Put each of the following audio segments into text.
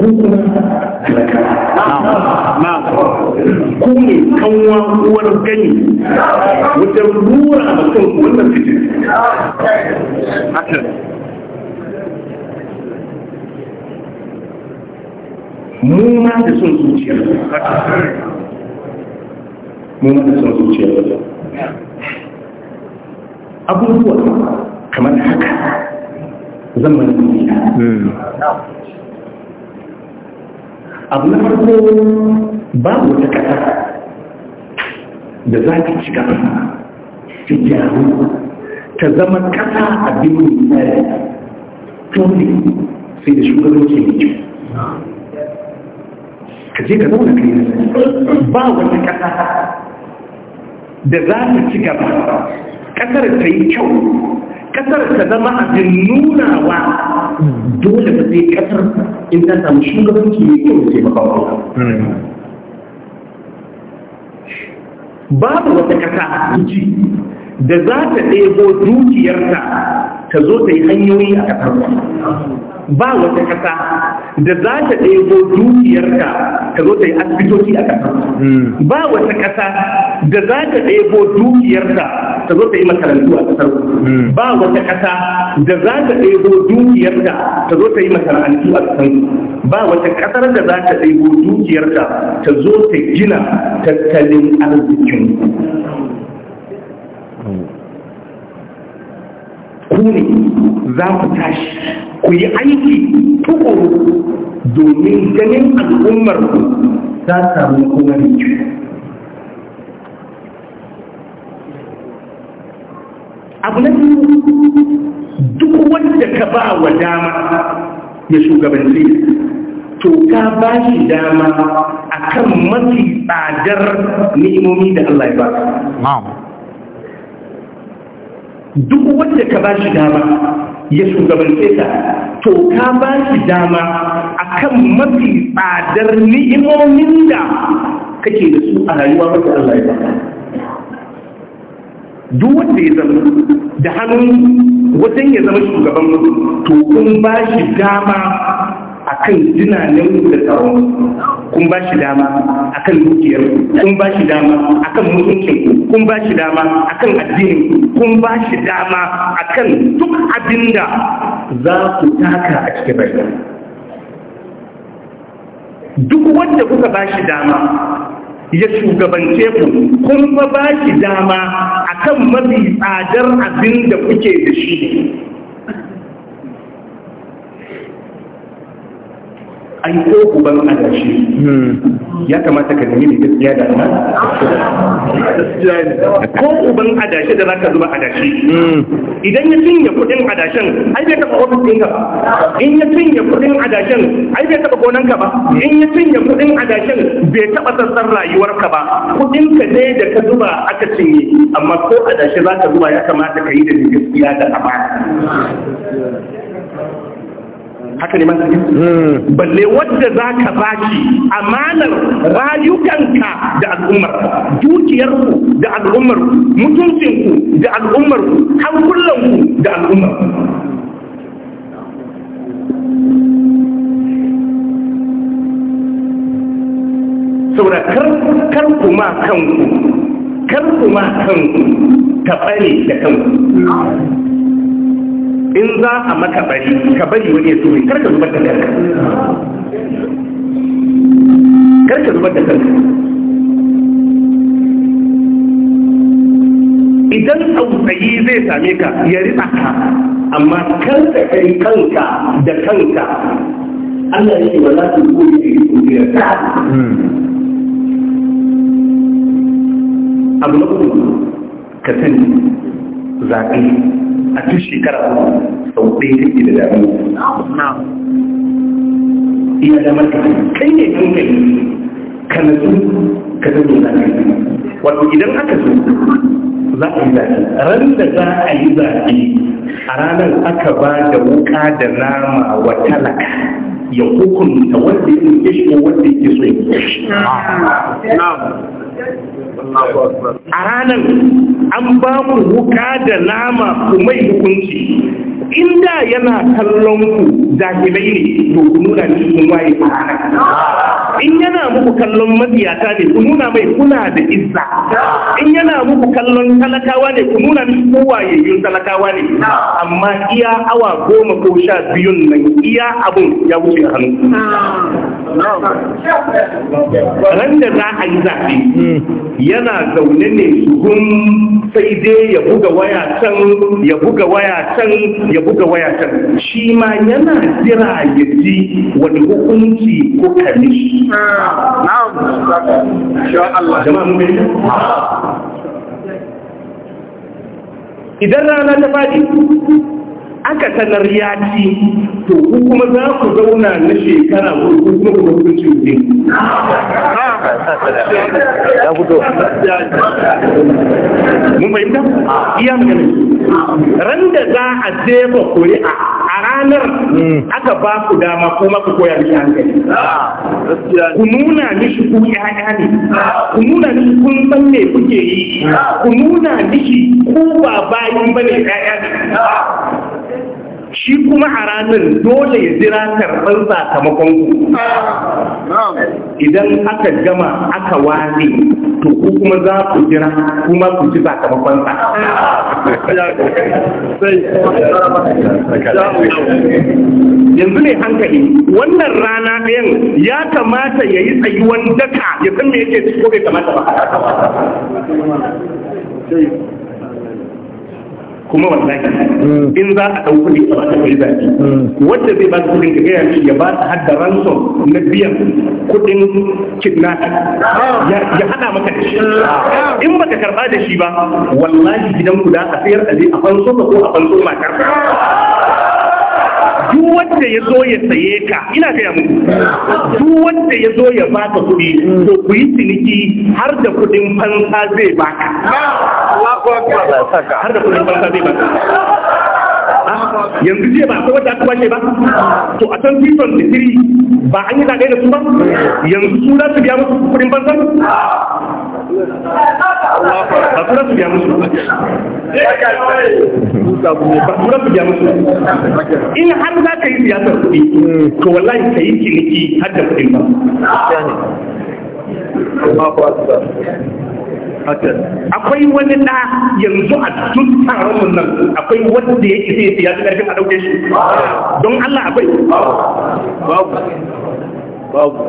ko kuma ku ne kanwa uwar gani wajen rura a kan wannan fitin mu ma da son zuciya mu ma da son zuciya abubuwa kamar haka zamanin duniya abu na farko babu wata kasa da za ta ci gaba ta gyaru ta zama kasa a biyu. ɗaya tuni sai da shugabanci mai kyau ka je ka zauna kai na ba wata kasa da za ta ci gaba ƙasar ta yi kyau kasar ta zama abin nunawa dole ba sai kasar in ta samu shugabanci ne ba kawo babu wata kasa ji da za ta ɗebo dukiyarta ta zo ta yi hanyoyi a kasar ba wata kasa da za ta ɗebo dukiyarka ka zo ta yi asibitoci a ƙasa hmm. ba wata kasa da za ta ɗebo dukiyarka ta zo ta yi makarantu a ƙasar hmm. ba wata kasa da za ta ɗebo dukiyarka ta zo ta yi makarantu a ƙasar ba wata ƙasar da za ta ɗebo dukiyarka ta zo ta gina tattalin arzikin ku ne za ku tashi ku yi aiki tukuru domin ganin al'ummar ku ta samu kuma da abu na duk wanda ka ba wa dama ya shugabanci to ka ba shi dama akan mafi tsadar ni'imomi da Allah ya ba. duk wanda ka ba shi dama ya shugabance ta to ka ba shi dama akan mafi tsadar ni'imomin da kake da su a rayuwa mafi Allah ya duk wanda ya zama da hannun wajen ya zama shugaban to kun ba shi dama akan tunanin da tsaron kun ba shi dama akan dukiyar kun ba shi dama akan mutuncin kun ba shi dama akan addini kun ba shi dama akan duk abin da za ku taka a cikin rayuwa duk wanda kuka ba shi dama ya shugabance ku kun ba shi dama akan mafi tsadar abin da kuke da shi ai ko uban adashi ya kamata ka nemi gaskiya da ana ko uban adashi da zaka zuba adashi idan ya cinye kudin adashin ai bai taba ofis ɗinka ba in ya cinye kudin adashin ai bai taba ka ba in ya cinye kudin adashin bai taba sassan rayuwarka ba kudin ka ne da ka zuba aka cinye amma ko adashi zaka zuba ya kamata ka yi da gaskiya da amana haka ne manzo hmm. balle wadda za ka baki amanar rayukanka da al'ummar dukiyarku da al'ummar mutuncinku da al'ummar hankulanku da al'ummar saboda kar kuma kanku kar kuma kanku ta bane da kanku in za a maka bari ka bari wani ya turi karka zubar da kanka karka zubar da kanka idan tsautsayi zai same ka ya rita ka amma karka kai kanka da kanka Allah ya ce wa za su koyi da yi da ta abu na uku ka sani zaɓe a duk shekara sau ɗaya ke da damuwa iya damar ka kai ne hankali ka na nasu ka zai na kai wato idan aka so za a yi zafi ran da za a yi zafi a ranar aka ba da wuka da nama wa talaka ya hukunta wanda ya ke shi ko wanda ya ke so ya ke shi a ranar an ba mu wuka da nama ku mai hukunci inda yana kallon ku jahilai ne to ku nuna ni kun waye in yana muku kallon mabiyata ne ku nuna mai kuna da izza in yana muku kallon talakawa ne ku nuna ni ku yin talakawa ne amma iya awa goma ko sha biyun nan iya abun ya wuce hannu ran da za a yi zaɓe yana zaune ne shugun sai dai ya buga waya can ya buga waya can ya buga buga waya can shi ma yana jira ya ji wani hukunci ko kani na'am Allah jama'a idan rana ta fadi aka sanar ya ci to kuma za ku zauna na shekara ko kuma ku ci ne ya fito mun fahimta iya magana ran da za a jefa kuri'a a ranar hmm. aka ba ku dama kuma ku koya mishi hankali ku nuna mishi ku ya ne ku nuna mishi kun san me kuke yi hmm. ku nuna mishi ku ba bayin bane ya ne shi kuma a ranar dole ya jira karɓar sakamakon ku idan aka gama aka ware to ku kuma za ku jira kuma ku ci sakamakon sa yanzu ne hankali wannan rana ɗayan ya kamata ya yi tsayuwan daka ya san me yake ciko bai kamata ba kuma wallahi in za a ɗau kuɗi a baka kai zaɓe wanda zai baka kuɗin ka gaya ya ba ta hadda ransom na biyan kuɗin kidnap ya hana maka da shi in baka karɓa da shi ba wallahi gidan guda a sayar a zai a fanso ko a fanso matar wanda ya zo ya saye ka ina gaya muku duk wanda ya zo ya baka kuɗi to ku yi ciniki har da kuɗin fansa zai baka har da kuɗin fansa zai baka yanzu ce ba akwai wadda aka ba to a san titon da ba an yi zaɓe da su ba yanzu su za su biya musu kuɗin ba su yi siyasar to ka yi ciniki har da akwai wani da yanzu a duk taron nan akwai wanda ya isa ya siya karfin a ɗauke shi don Allah akwai babu babu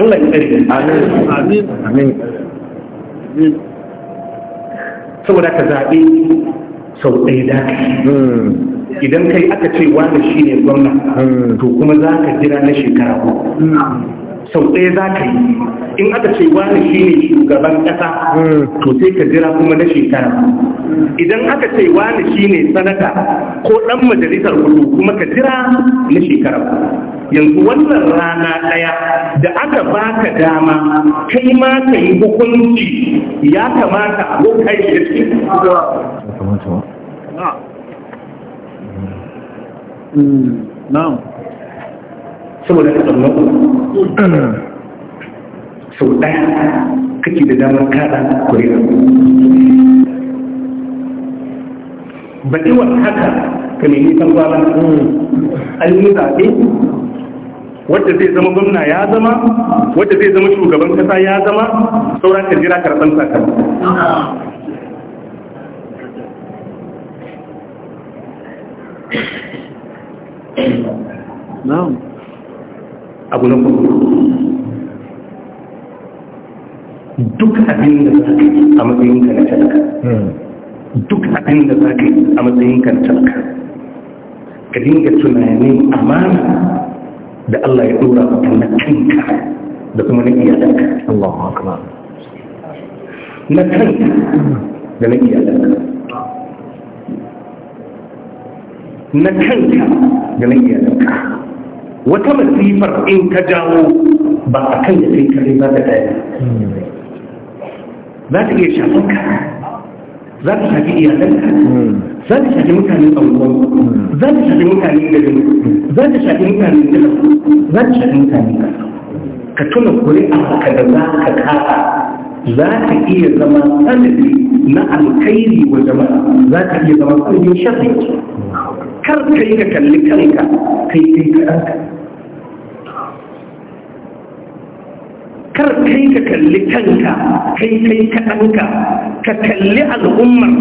Allah ya tsare amin amin amin saboda ka zaɓe sau ɗaya da ka hmm. idan kai aka ce wani shi ne gwamna hmm. to kuma za ka jira na shekara uku hmm. sau ɗaya za ka yi in aka ce wani shi ne shugaban ƙasa to sai ka jira kuma na shekara idan aka ce wani shi ne sanata ko ɗan majalisar hudu, kuma ka jira na shekara yanzu wannan rana ɗaya da aka ba ka dama kai ma ka yi hukunci ya kamata a kai da shi na'am saboda ka tsamma sau ɗaya kake da damar kaɗa kuri'a baɗiwar haka ka nemi tambara an yi zaɓe wadda zai zama gwamna ya zama wadda zai zama shugaban kasa ya zama sauran ka jira karɓar sakamako Na'am. Abu na gurin duk abin da za ka yi a ka na talaka hmm. duk abin da za ka yi a ka na talaka ka dinga tunanin amana da Allah ya dora maka na kanka da kuma na iyalanka Allahu akbar na kanka da na iyalanka na kanka da na iyalanka wata masifar in ka jawo ba a kan da sai kare za ta daya za ta iya shafin ka za ta shafi iyalanka za ta shafi a anguwan za ta shafi da jini za ta shafi mutanen garin za ta shafi mutane da ka tuna kuri a haka da za ka kara za ta iya zama sanadi na alkairi wa jama'a za ta iya zama sanadin shafi kar ka yi ka kalli kanka kai kai kaɗanka kar kai ka kalli kanka kai kai kaɗanka ka kalli al'ummar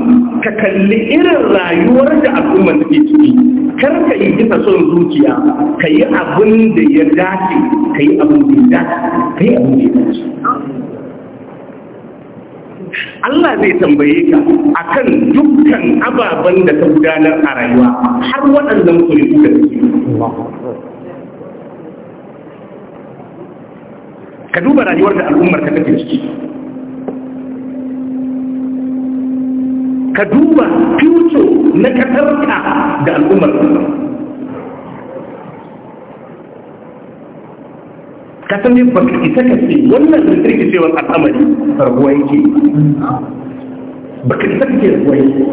ka kalli irin rayuwar da al'ummar ke ciki kar ka yi kisa son zuciya ka yi abin da ya dace ka yi abin da ya dace ka yi abin da ya dace Allah zai tambaye ka a kan dukkan ababen da ta gudanar a rayuwa har waɗanda musulmi kuka suke ka duba rayuwar da al'ummar ka take ciki ka duba fito na kasarka da al'ummar ka ka san ne baka isa ka ce wannan rikirki cewa al'amari rabuwa yake ka isa ka ce rabuwa yake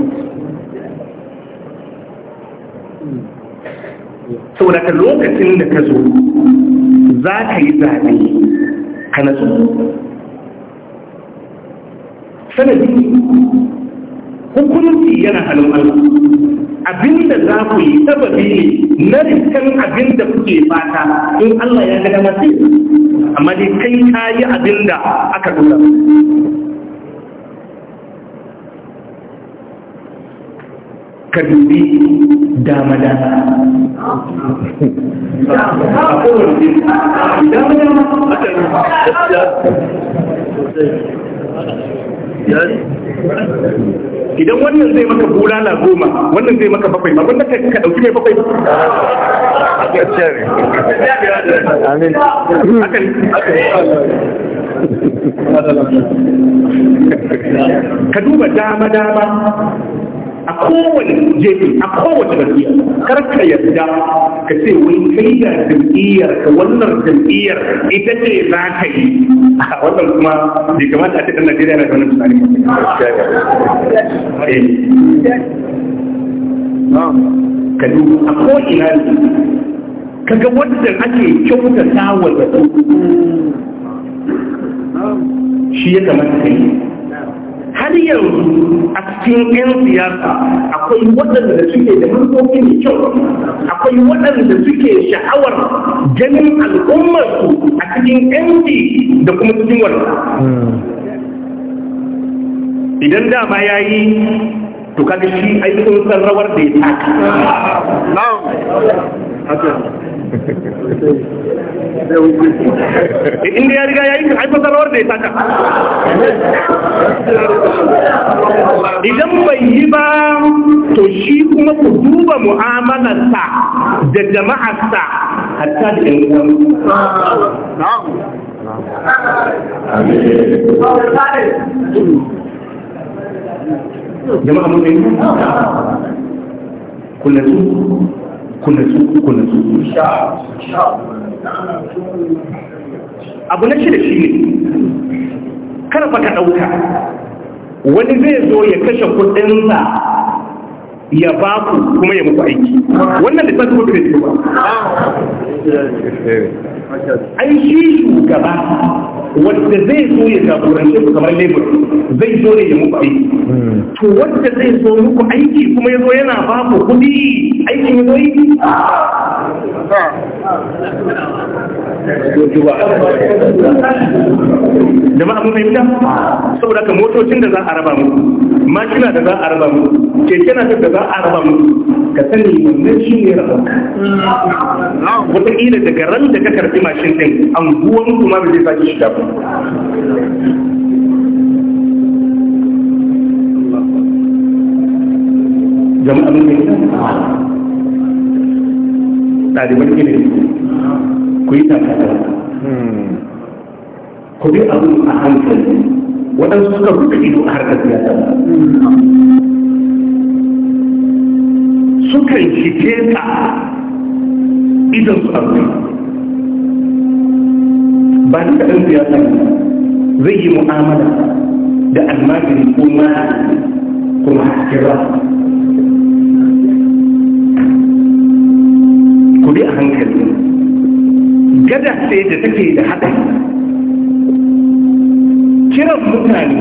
da ka lokacin da ka zo za ka yi zaɓe ka zuwa sanadi hukunci yana halin Allah abinda za ku yi sababi ne na rikan abinda kuke fata in Allah ya gada masu amma dai kai ka yi abin da aka dora ka dubi dama-dama a idan wannan zai maka bulala goma wannan zai maka bakwai ma wanda kai ka dauki mai bakwai amin ka duba dama dama a kowane jefi a kowace jam'iyya kar ka yarda ka ce wai kai da jam'iyyar ka wannan jam'iyyar ita ce za ka yi wannan kuma bai kamata a ce ɗan Najeriya na da wannan tunani eh. ka duba a ko'ina ne kaga wanda ake kyautata wa zato shi ya kamata ka yi har yanzu a cikin 'yan siyasa akwai waɗanda suke da harkokin kyau akwai waɗanda suke sha'awar ganin al'ummarsu a cikin 'yan da kuma cikin wanda hmm. idan dama ya yi to kada shi ai sun san rawar da ya taka da ya riga ya yi ai sun san rawar da ya taka idan bai yi ba to shi kuma ku duba mu'amalarsa da jama'arsa hatta da yin uwan jama'a mun gani kullatu kullatu kullatu abu na shida shi ne kada fa ka ɗauka wani zai zo ya kashe kuɗinsa ya ba ku kuma ya muku aiki wannan da tasu ya ne ba ai shi shugaba wanda zai so ya jagorance ku kamar labor zai so ne ya muku aiki to wanda zai so muku aiki kuma ya zo yana ba ku kudi aikin ya zo yi ah. jama'a mun fahimta saboda ka motocin da za a raba mu makina da za a raba mu keke na da za a raba mu ka sani wannan shi ne raba wataƙila daga ran da ka karbi mashin ɗin anguwan kuma ba zai sake shiga ba jama'a mun fahimta ɗaliban ku yi takatawa hmm. ku bi abin a hankali waɗansu suka buɗe ido a harkar siyasa sukan shige ka idan su abu ba duka ɗan siyasa zai yi mu'amala da almajiri ko ma kuma kira ku bi a hankali gada sai da take da haɗari mutane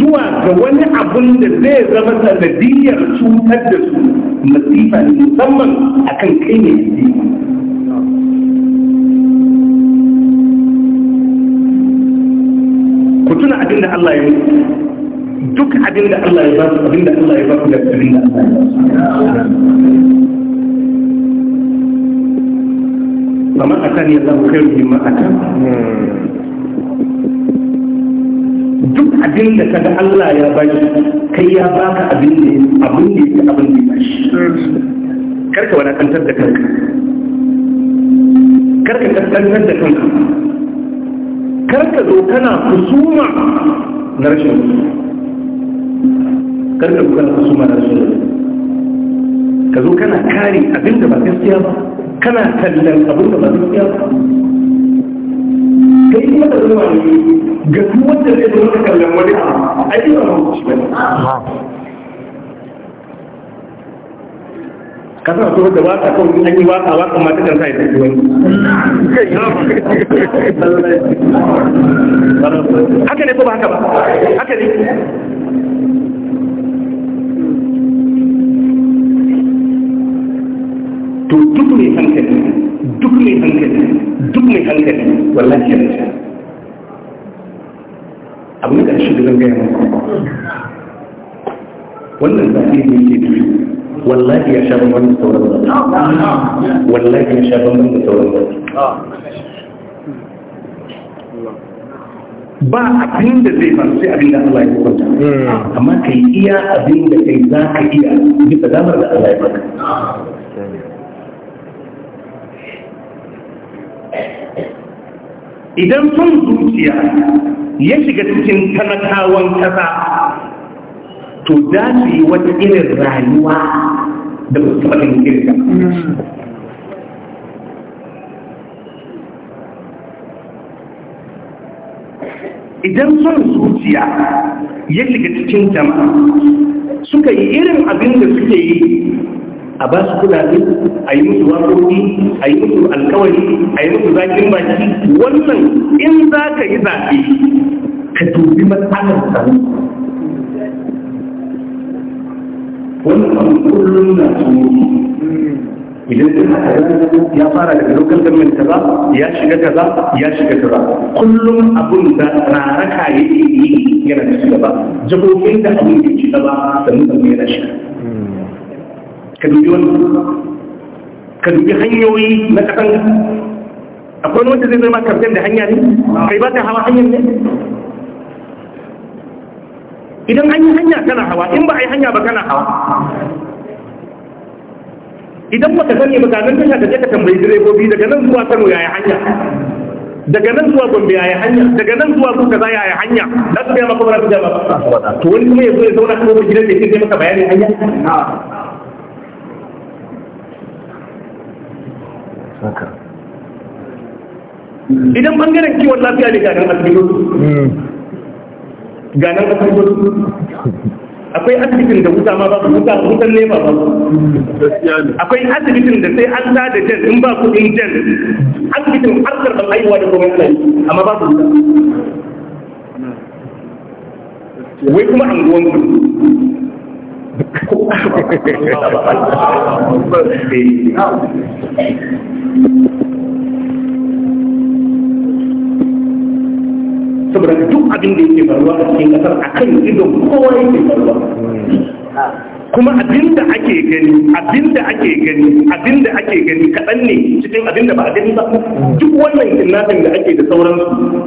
zuwa ga wani abun da zai zama sanadiyar cutar da su masifa ne musamman akan kai ne ku tuna abin da Allah ya yi duk abin da Allah ya ba su abin da Allah ya ba su da abin da Allah ya ba su فما أتاني الله خير مما أتى abin da kaga Allah ya bashi kai ya baka abin da abin da yake abin da bashi karka wadatantar da kanka karka kaskantar da kanka karka zo kana kusuma na rashin karka zo kana kusuma na rashin ka zo kana kare abin da ba gaskiya ba kana tallan abin da ba gaskiya ba kai kuma da zuwa ne ga su wanda zai zo kallon wani abu ai ba mu shi bane ka san to da waka kawai an yi waka waka ma ta kansa ya tafi wani haka ne ko ba haka ba haka ne to duk mai hankali duk mai hankali duk mai hankali wallahi ya yanzu gaya maka wannan zaɓe ne ke biyu wallahi ya sha bambam da sauran zaɓe wallahi ya sha bambam da sauran zaɓe ba abin da zai faru sai abin da Allah ya hukunta hmm. amma kai iya abin da kai za ka iya bisa damar da Allah ya baka hmm. idan son zuciya ya shiga cikin talakawan kasa to za su yi wata irin rayuwa da ba su idan son zuciya ya shiga cikin jama'a suka yi irin abin da suke yi a ba su kudade a yi musu wakoki a yi musu alkawari a yi musu zakin baki wannan in za ka yi zaɓe ka dubi matsalar tsaro wannan kullum na tsoro idan duk haka ya fara daga local government kaza ya shiga kaza ya shiga kaza kullum abun da raraka yake yi yana ci gaba jihohin da abin da ci gaba da mutum yana shiga ka dubi wani ka dubi hanyoyi na kasan akwai wanda zai zama kamfen da hanya ne kai ba ta hawa hanyar ne idan an yi hanya kana hawa in ba a yi hanya ba kana hawa idan ba ka sani ba ganin tasha da ka tambayi direbobi daga nan zuwa kano yaya hanya daga nan zuwa gombe yaya hanya daga nan zuwa kuka za yaya hanya za su gaya maka ba za su gaya ba to wani kuma ya zo ya zauna kuma gidan da ya ke maka bayanin hanya idan bangaren kiwon lafiya ne ganin asibitoci ganin asibitoci akwai asibitin da wuta ma ba su wuta wutan nema ba akwai asibitin da sai an ta da jan in ba in jan asibitin har karɓar aiwa da kuma yanayi amma ba su wuta wai kuma anguwan ku saboda duk abin da yake faruwa a cikin kasar kan ido kowa yake faruwa kuma abinda ake gani abinda ake gani abinda ake gani kaɗan ne cikin abinda ba a gani ba duk wannan kinnafin da ake da sauran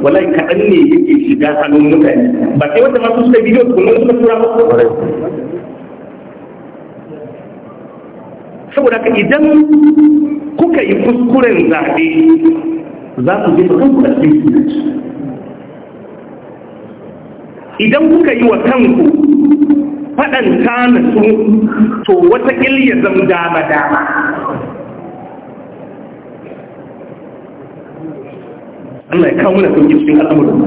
wallahi kaɗan ne yake shiga hannun mutane ba sai wanda masu suka bidiyo su kuma suka tura ba saboda ka idan kuka yi kuskuren zaɓe za ku je ba kanku da idan kuka yi wa kanku faɗan tana su to wata ya zama dama-dama Allah ya kawo mana sauƙi cikin al'amuran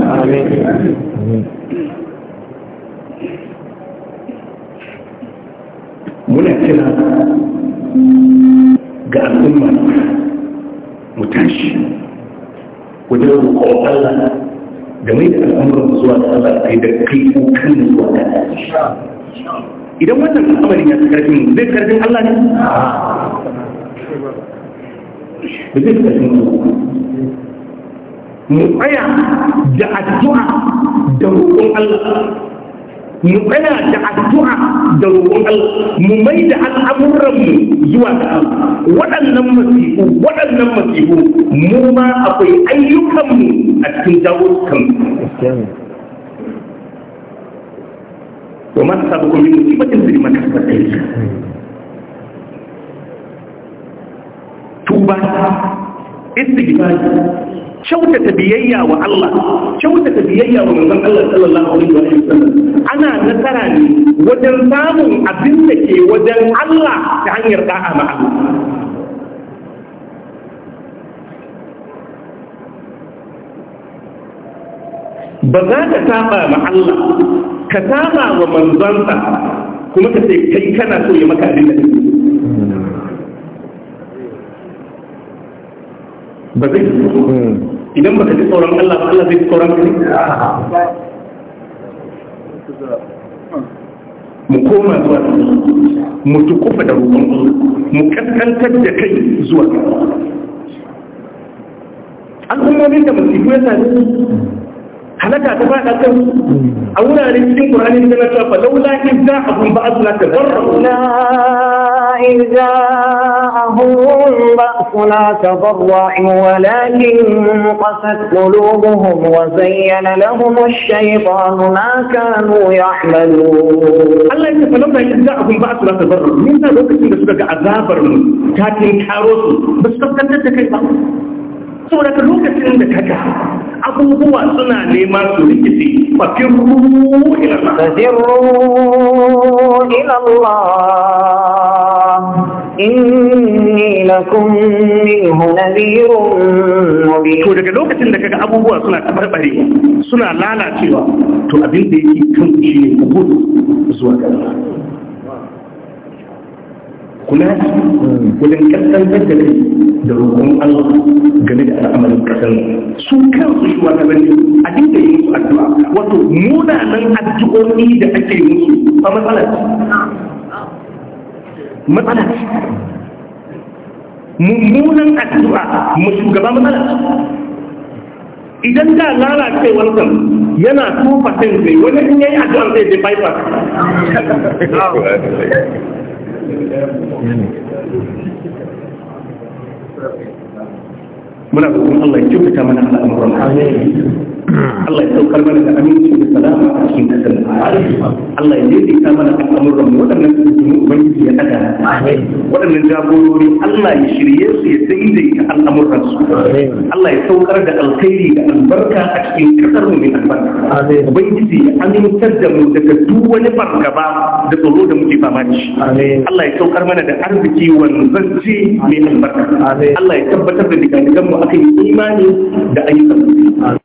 muna kira ga al'umma mu tashi wajen roƙon Allah da mai da al'amuran zuwa da Allah yi da kai ko kan zuwa da Allah idan wannan al'amari ya fi karfin zai karfin Allah ne da zai karfin mu tsaya da addu'a da roƙon Allah mu tsaya da addu'a da roƙon mu mai da al'amuranmu zuwa ga Allah waɗannan masifu waɗannan masifu mu ma akwai ayyukanmu a cikin jawo kanmu wa ma sabakum su musibatin fi ma kasabat tuba istighfar kyautata biyayya wa Allah kyautata biyayya wa manzon Allah sallallahu alaihi wa sallam ana nasara ne wajen samun abin da ke wajen Allah ta hanyar da'a ma ba za ka saba ma Allah ka saba wa manzonsa kuma ka sai kai kana so ya maka abin da kake ba zai hmm. idan baka ji tsoron Allah ba Allah zai tsoron ka mu koma zuwa mu tukufa da roƙon mu kaskantar da kai zuwa al'ummomin da musibu ya sami halaka ta faɗa kan a wuraren cikin ƙuranin da na cewa fa laula idza abun ba'athna ka zarra وإذ جاءهم بأسنا تضرعوا ولكن قست قلوبهم وزين لهم الشيطان ما كانوا يعملون الله يقول فلما إذ جاءهم بأسنا تضرعوا من ذلك سنة عذابر تاتين كاروس بس تبتدت كيف saboda ka lokacin da kaga abubuwa suna nema su rikici fafirru ila Allah fafirru ila inni lakum minhu nadhirun mubin to daga lokacin da kaga abubuwa suna tabarbare suna lalacewa to abin da yake kan shi ne ku gudu zuwa ga kula wajen kaskantar da kai da roƙon Allah game da al'amarin kasar su kansu shi wata bane a dinga yi musu addu'a wato munanan addu'o'i da ake musu a matsalar matsala ce mummunan addu'a mu shugaba matsala ce idan ka lalace wancan yana tufa sai zai wani in yayi addu'a zai je bypass muna roƙon Allah ya kyautata mana al'amuran amin Allah ya saukar mana da aminci da salama a cikin kasar Allah ya daidaita mana al'amuran waɗannan tsoron ubangiji ya ɗaga waɗannan jagorori Allah ya shirye su ya daidaita al'amuran su Allah ya saukar da alkhairi da albarka a cikin ƙasar mu mai albarka ubangiji ya amintar da mu daga duk wani fargaba da tsoro da muke fama da shi Allah ya saukar mana da arziki wanzanci mai albarka Allah ya tabbatar da digadigan mu akan imani da ayyukan